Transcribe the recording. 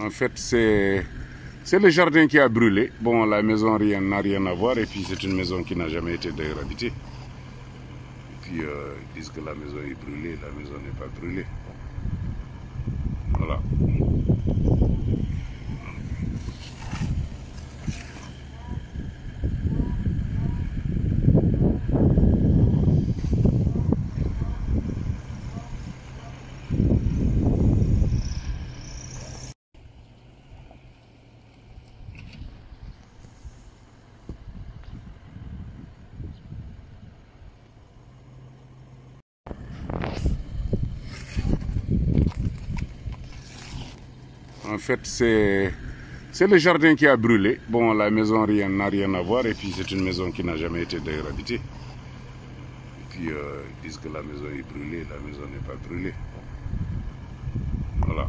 En fait, c'est le jardin qui a brûlé. Bon, la maison n'a rien, à voir. Et puis, c'est une maison qui n'a jamais été d'ailleurs Et puis, euh, ils disent que la maison est brûlée. La maison n'est pas brûlée. Voilà. En fait, c'est le jardin qui a brûlé. Bon, la maison n'a rien à voir. Et puis, c'est une maison qui n'a jamais été d'ailleurs habitée. Et puis, euh, ils disent que la maison est brûlée. La maison n'est pas brûlée. Voilà.